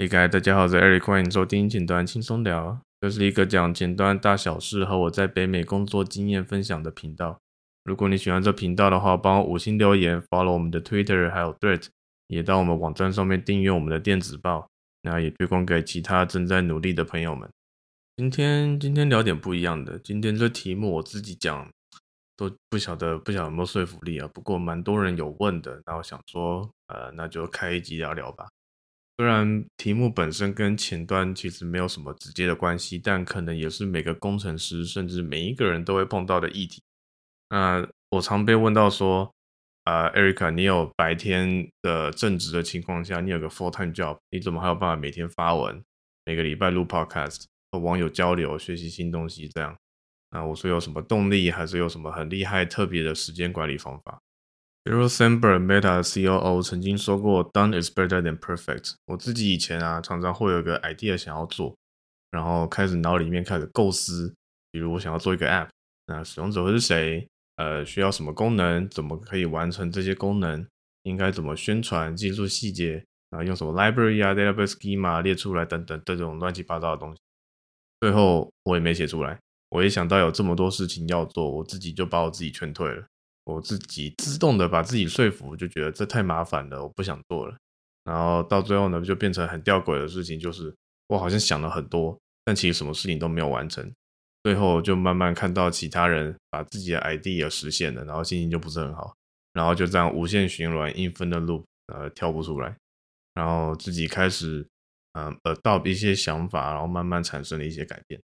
Hey guys，大家好，我是 Eric，歡迎收聽前端輕鬆聊，這、就是一個講前端大小事和我在北美工作經驗分享的頻道。如果你喜歡這頻道的話，幫我五星留言，follow 我們的 Twitter，還有 Thread，也到我們網站上面訂閱我們的電子報，然後也推廣給其他正在努力的朋友們。今天，今天聊點不一樣的。今天這題目我自己講，都不曉得，不曉得有沒有說服力啊。不過蠻多人有問的，然後想說，呃，那就開一集聊聊吧。雖然題目本身跟前端其實沒有什麼直接的關係，但可能也是每個工程師甚至每一個人都會碰到的議題。那、呃、我常被問到說，呃，Erica，你有白天的正職的情況下，你有個 full-time job，你怎麼還有辦法每天發文，每個禮拜錄 podcast 和網友交流，學習新東西這樣？那、呃、我說有什麼動力，還是有什麼很厲害特別的時間管理方法？ Sheryl Sandberg, Meta C.O.O. 曾經說過，Done is better than perfect。我自己以前啊，常常會有個 idea 想要做，然後開始腦裡面開始構思。比如我想要做一個 app，那使用者會是誰？呃，需要什麼功能？怎麼可以完成這些功能？應該怎麼宣傳？技術細節啊，用什麼 library 啊，database schema 列出來等等，等等這種亂七八糟的東西。最後我也沒寫出來。我一想到有這麼多事情要做，我自己就把我自己勸退了。我自己自動的把自己說服，就覺得這太麻煩了，我不想做了。然後到最後呢，就變成很吊詭的事情，就是我好像想了很多，但其實什麼事情都沒有完成。最後就慢慢看到其他人把自己的 idea 實現了，然後心情就不是很好。然後就這樣無限循環 infinite loop，呃，跳不出來。然後自己開始，嗯，呃，adopt 一些想法，然後慢慢產生了一些改變。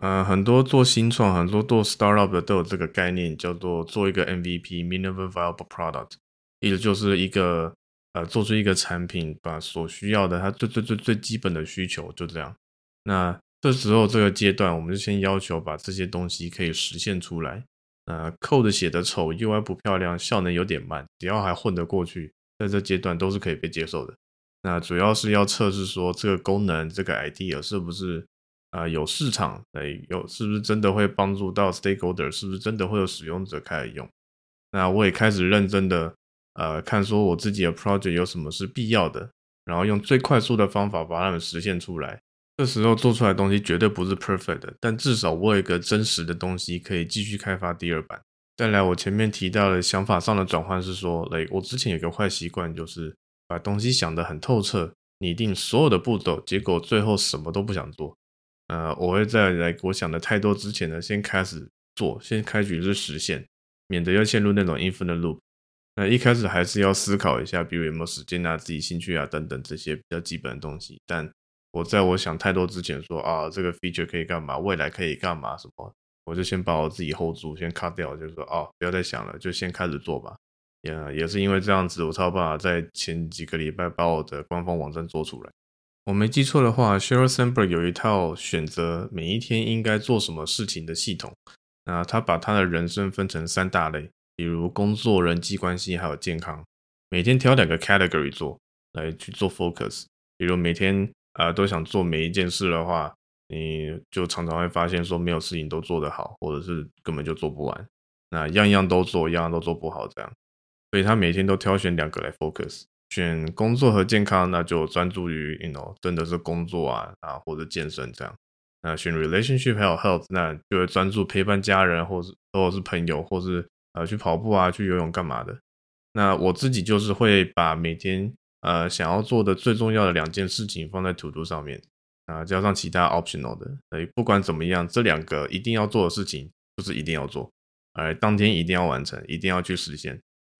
呃，很多做新創，很多做 startup 的都有這個概念，叫做做一個 MVP（Minimum Viable Product），意思就是一個呃，做出一個產品，把所需要的它最最最最基本的需求就這樣。那這時候這個階段，我們就先要求把這些東西可以實現出來。呃，code 寫得醜，UI 不漂亮，效能有點慢，只要還混得過去，在這階段都是可以被接受的。那主要是要測試說這個功能，這個 idea 是不是？啊、呃，有市場，哎、呃，有是不是真的會幫助到 stakeholder？是不是真的會有使用者開始用？那我也開始認真的，呃，看說我自己的 project 有什麼是必要的，然後用最快速的方法把它們實現出來。這時候做出來的東西絕對不是 perfect，但至少我有一個真實的東西可以繼續開發第二版。再來，我前面提到的想法上的轉換是說，哎、呃，我之前有個壞習慣，就是把東西想得很透徹，擬定所有的步驟，結果最後什麼都不想做。呃，我會在來我想的太多之前呢，先開始做，先開始實現，免得要陷入那種 infinite loop。那一開始還是要思考一下，比如有沒有時間啊、自己興趣啊等等這些比較基本的東西。但我在我想太多之前說啊，這個 feature 可以幹嘛，未來可以幹嘛什麼，我就先把我自己 hold 住，先 cut 掉，就是說哦，不要再想了，就先開始做吧。也也是因為這樣子，我才有辦法在前幾個禮拜把我的官方網站做出來。我沒記錯的話，Sheryl Sandberg 有一套選擇每一天應該做什麼事情的系統。那他把他的人生分成三大類，比如工作、人際關係還有健康。每天挑兩個 category 做，來去做 focus。比如每天啊、呃、都想做每一件事的話，你就常常會發現說，沒有事情都做得好，或者是根本就做不完。那樣樣都做，樣樣都做不好這樣。所以他每天都挑選兩個來 focus。選工作和健康，那就專注於，you know 真的是工作啊啊或者健身這樣。那選 relationship 還有 health，那就會專注陪伴家人，或是，或者是朋友，或是呃去跑步啊，去游泳幹嘛的。那我自己就是會把每天呃想要做的最重要的兩件事情放在 to do 上面，啊、呃、加上其他 optional 的。所以不管怎麼樣，這兩個一定要做的事情就是一定要做，哎，當天一定要完成，一定要去實現。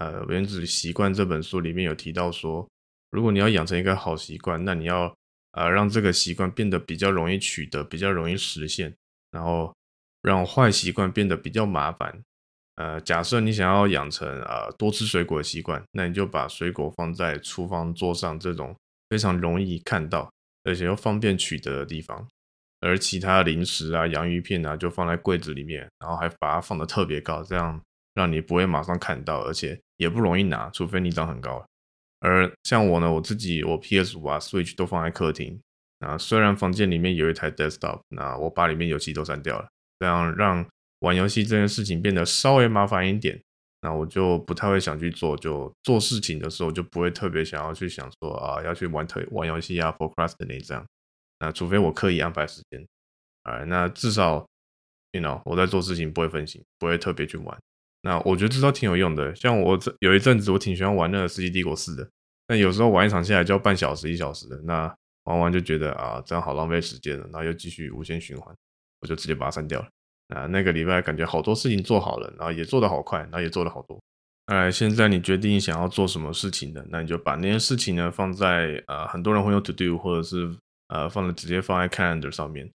呃，原子習慣這本書裡面有提到說，如果你要養成一個好習慣，那你要呃讓這個習慣變得比較容易取得，比較容易實現，然後讓壞習慣變得比較麻煩。呃，假設你想要養成呃多吃水果的習慣，那你就把水果放在廚房桌上這種非常容易看到而且又方便取得的地方，而其他零食啊、洋芋片啊就放在櫃子裡面，然後還把它放得特別高，這樣。讓你不會馬上看到，而且也不容易拿，除非你長很高。而像我呢，我自己我 PS 五啊，Switch 都放在客廳。那、啊、雖然房間裡面有一台 desktop，那、啊、我把裡面遊戲都刪掉了，這樣讓玩遊戲這件事情變得稍微麻煩一點。那、啊、我就不太會想去做，就做事情的時候就不會特別想要去想說啊要去玩特玩遊戲啊，For class 的那這樣。那、啊、除非我刻意安排時間，啊，Alright，那至少，You know，我在做事情不會分心，不會特別去玩。那我覺得這招挺有用的，像我這有一陣子我挺喜歡玩那個《世紀帝國四》的，但有時候玩一場下來就要半小時一小時的，那玩完就覺得啊，這樣好浪費時間的，然後又繼續無限循環，我就直接把它刪掉了。那那個禮拜感覺好多事情做好了，然後也做得好快，然後也做得好多。Alright，現在你決定想要做什麼事情的，那你就把那些事情呢放在啊、呃，很多人會用 To Do，或者是呃放在直接放在 Calendar 上面。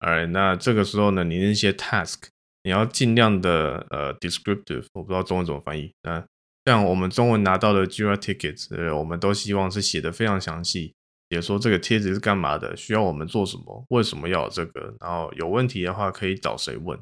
Alright，那這個時候呢，你那些 Task。你要盡量的呃 descriptive，我不知道中文怎麼翻譯。那像我們中文拿到的 Jira tickets，我們都希望是寫的非常詳細，也說這個 ticket 是幹嘛的，需要我們做什麼，為什麼要這個，然後有問題的話可以找誰問。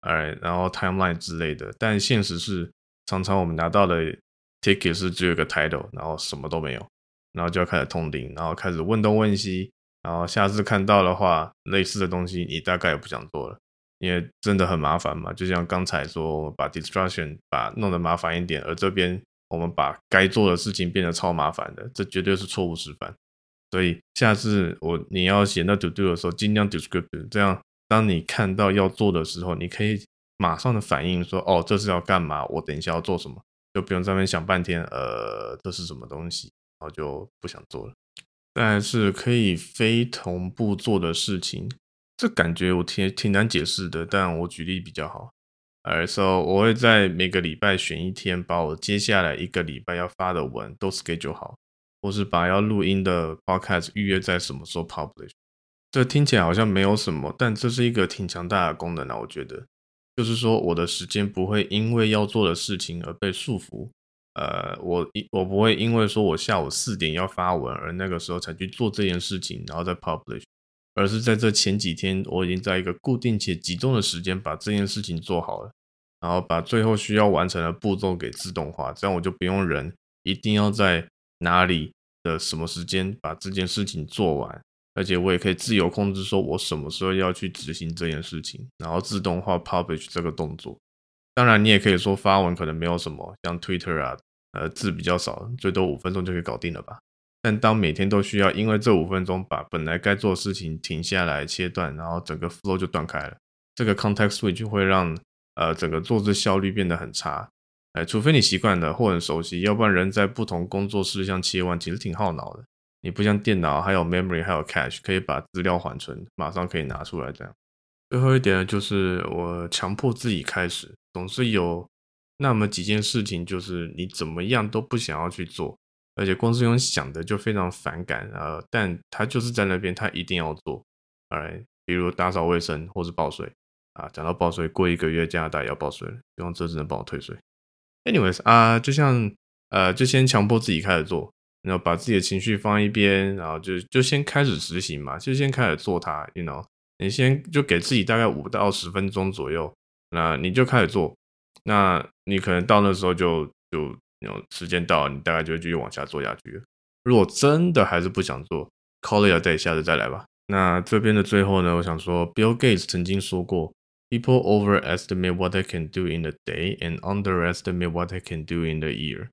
哎，然後 timeline 之類的。但現實是，常常我們拿到的 ticket 是只有一個 title，然後什麼都沒有，然後就要開始通靈，然後開始問東問西，然後下次看到的話，類似的東西你大概也不想做了。因為真的很麻煩嘛，就像剛才說，把 distraction 把弄得麻煩一點，而這邊我們把該做的事情變得超麻煩的，這絕對是錯誤示範。所以下次我你要寫到 to do 的時候，儘量 description，這樣當你看到要做的時候，你可以馬上的反應說，哦，這是要幹嘛？我等一下要做什麼？就不用在那邊想半天，呃，這是什麼東西，然後就不想做了。但是可以非同步做的事情，這感覺我挺挺難解釋的，但我舉例比較好。All right, so 我會在每個禮拜選一天，把我接下來一個禮拜要發的文都 schedule 好，或是把要錄音的 podcast 預約在什麼時候 publish。這聽起來好像沒有什麼，但這是一個挺強大的功能啊，我覺得。就是說，我的時間不會因為要做的事情而被束縛。呃，我我不會因為說我下午四點要發文，而那個時候才去做這件事情，然後再 publish。而是在這前幾天，我已經在一個固定且集中的時間把這件事情做好了，然後把最後需要完成的步驟給自動化，這樣我就不用人一定要在哪裡的什麼時間把這件事情做完，而且我也可以自由控制，說我什麼時候要去執行這件事情，然後自動化 publish 這個動作。當然你也可以說發文可能沒有什麼，像 Twitter 啊，呃，字比較少，最多五分鐘就可以搞定了吧。但當每天都需要因為這五分鐘把本來該做的事情停下來切斷，然後整個 flow 就斷開了。這個 context switch 會讓呃整個做事效率變得很差。哎，除非你習慣了或很熟悉，要不然人在不同工作事項切換，其實挺耗腦的。你不像電腦，還有 memory，還有 cache，可以把資料緩存，馬上可以拿出來這樣。最後一點呢，就是我強迫自己開始。總是有那麼幾件事情，就是你怎麼樣都不想要去做。而且光是用想的就非常反感啊、呃，但他就是在那邊，他一定要做，right？比如打掃衛生或是報稅啊，講、呃、到報稅，過一個月加拿大也要報稅了，希望這次能幫我退稅。Anyways 啊、呃，就像呃，就先強迫自己開始做，然後把自己的情緒放一邊，然後就就先開始執行嘛，就先開始做它。You know，你先就給自己大概五到十分鐘左右，那你就開始做，那你可能到那時候就就。有 you know, 時間到，你大概就會繼續往下做下去。如果真的還是不想做，Call it a day，下次再來吧。那這邊的最後呢，我想說，Bill Gates 曾經說過：“People overestimate what they can do in the day and underestimate what they can do in the year。”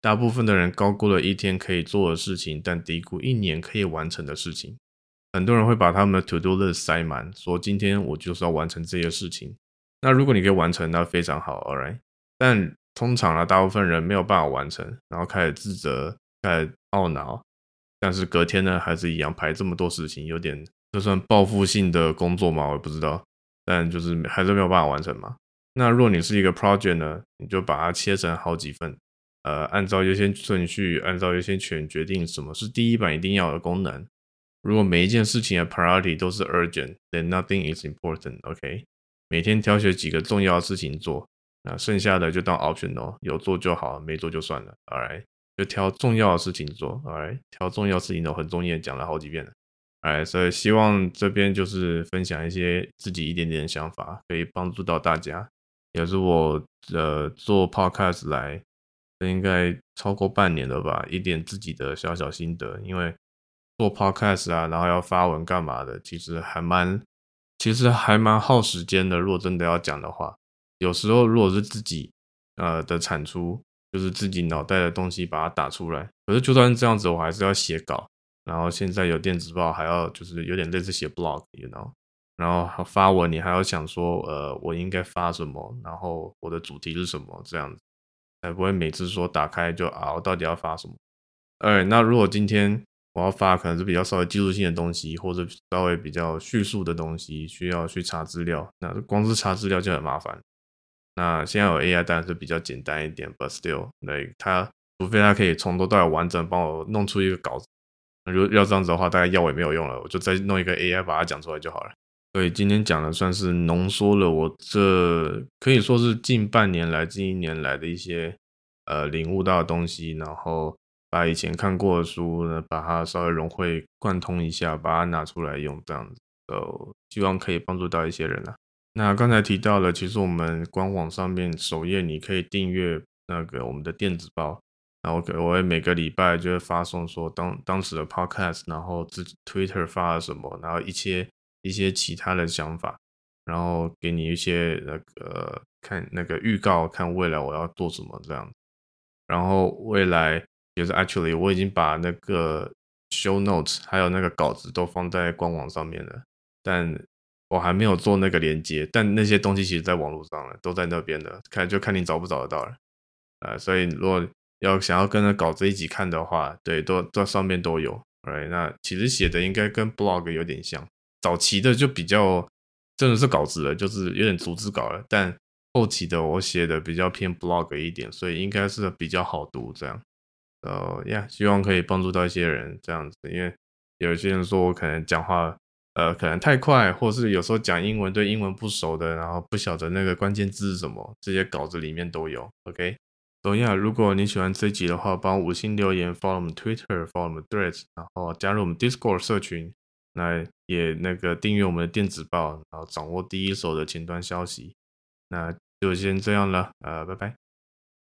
大部分的人高估了一天可以做的事情，但低估一年可以完成的事情。很多人會把他們的 To Do List 塞滿，說今天我就是要完成這些事情。那如果你可以完成，那非常好，All right。但通常啊，大部分人沒有辦法完成，然後開始自責，開始懊惱。但是隔天呢，還是一樣排這麼多事情，有點這算報復性的工作嗎？我也不知道。但就是還是沒有辦法完成嘛。那若你是一個 project 呢，你就把它切成好幾份，呃，按照優先順序，按照優先權決定什麼是第一版一定要的功能。如果每一件事情的 priority 都是 urgent，then nothing is important。OK，每天挑選幾個重要的事情做。那剩下的就當 option 嘍，有做就好，沒做就算了。All right，就挑重要的事情做。All right，挑重要的事情都很重要，講了好幾遍了。哎，All right，所以希望這邊就是分享一些自己一點點想法，可以幫助到大家。也是我呃做 podcast 來，應該超過半年了吧，一點自己的小小心得。因為做 podcast 啊，然後要發文幹嘛的，其實還蠻其實還蠻耗時間的。如果真的要講的話。有時候如果是自己呃的產出，就是自己腦袋的東西，把它打出來。可是就算是這樣子，我還是要寫稿。然後現在有電子報，還要就是有點類似寫 blog，you know。然後發文，你還要想說，呃，我應該發什麼？然後我的主題是什麼？這樣子才不會每次說打開就熬，啊、我到底要發什麼？哎、欸，那如果今天我要發，可能是比較稍微技術性的東西，或者稍微比較敘述的東西，需要去查資料。那光是查資料就很麻煩。那現在有 AI 當然是比較簡單一點，but still，那、like、它除非它可以從頭到尾完整幫我弄出一個稿子，如果要這樣子的話，大概要我也沒有用了，我就再弄一個 AI 把它講出來就好了。所以今天講的算是濃縮了我這可以說是近半年來、近一年來的一些呃領悟到的東西，然後把以前看過的書呢，把它稍微融會貫通一下，把它拿出來用這樣子，so，希望可以幫助到一些人了、啊那剛才提到了，其實我們官網上面首頁你可以訂閱那個我們的電子報，然後我會每個禮拜就會發送說當當時的 podcast，然後自己 Twitter 發了什麼，然後一些一些其他的想法，然後給你一些那個、呃、看那個預告，看未來我要做什麼這樣。然後未來也是 actually 我已經把那個 show notes 還有那個稿子都放在官網上面了，但。我還沒有做那個連接，但那些東西其實，在網絡上了，都在那邊的，看就看你找不找得到了，呃、啊，所以如果要想要跟着稿子一起看的話，對，都都上面都有，right? 那其實寫的應該跟 blog 有點像，早期的就比較真的是稿子了，就是有點逐字稿了，但後期的我寫的比較偏 blog 一點，所以應該是比較好讀這樣，呃呀，希望可以幫助到一些人這樣子，因為有些人說我可能講話。呃，可能太快，或是有時候講英文對英文不熟的，然後不曉得那個關鍵字是什麼，這些稿子裡面都有。OK，同樣，如果你喜歡這集的話，幫我五星留言，follow 我們 Twitter，follow 我們 Threads，然後加入我們 Discord 社群，那也那個訂閱我們的電子報，然後掌握第一手的前端消息。那就先這樣了，呃，拜拜。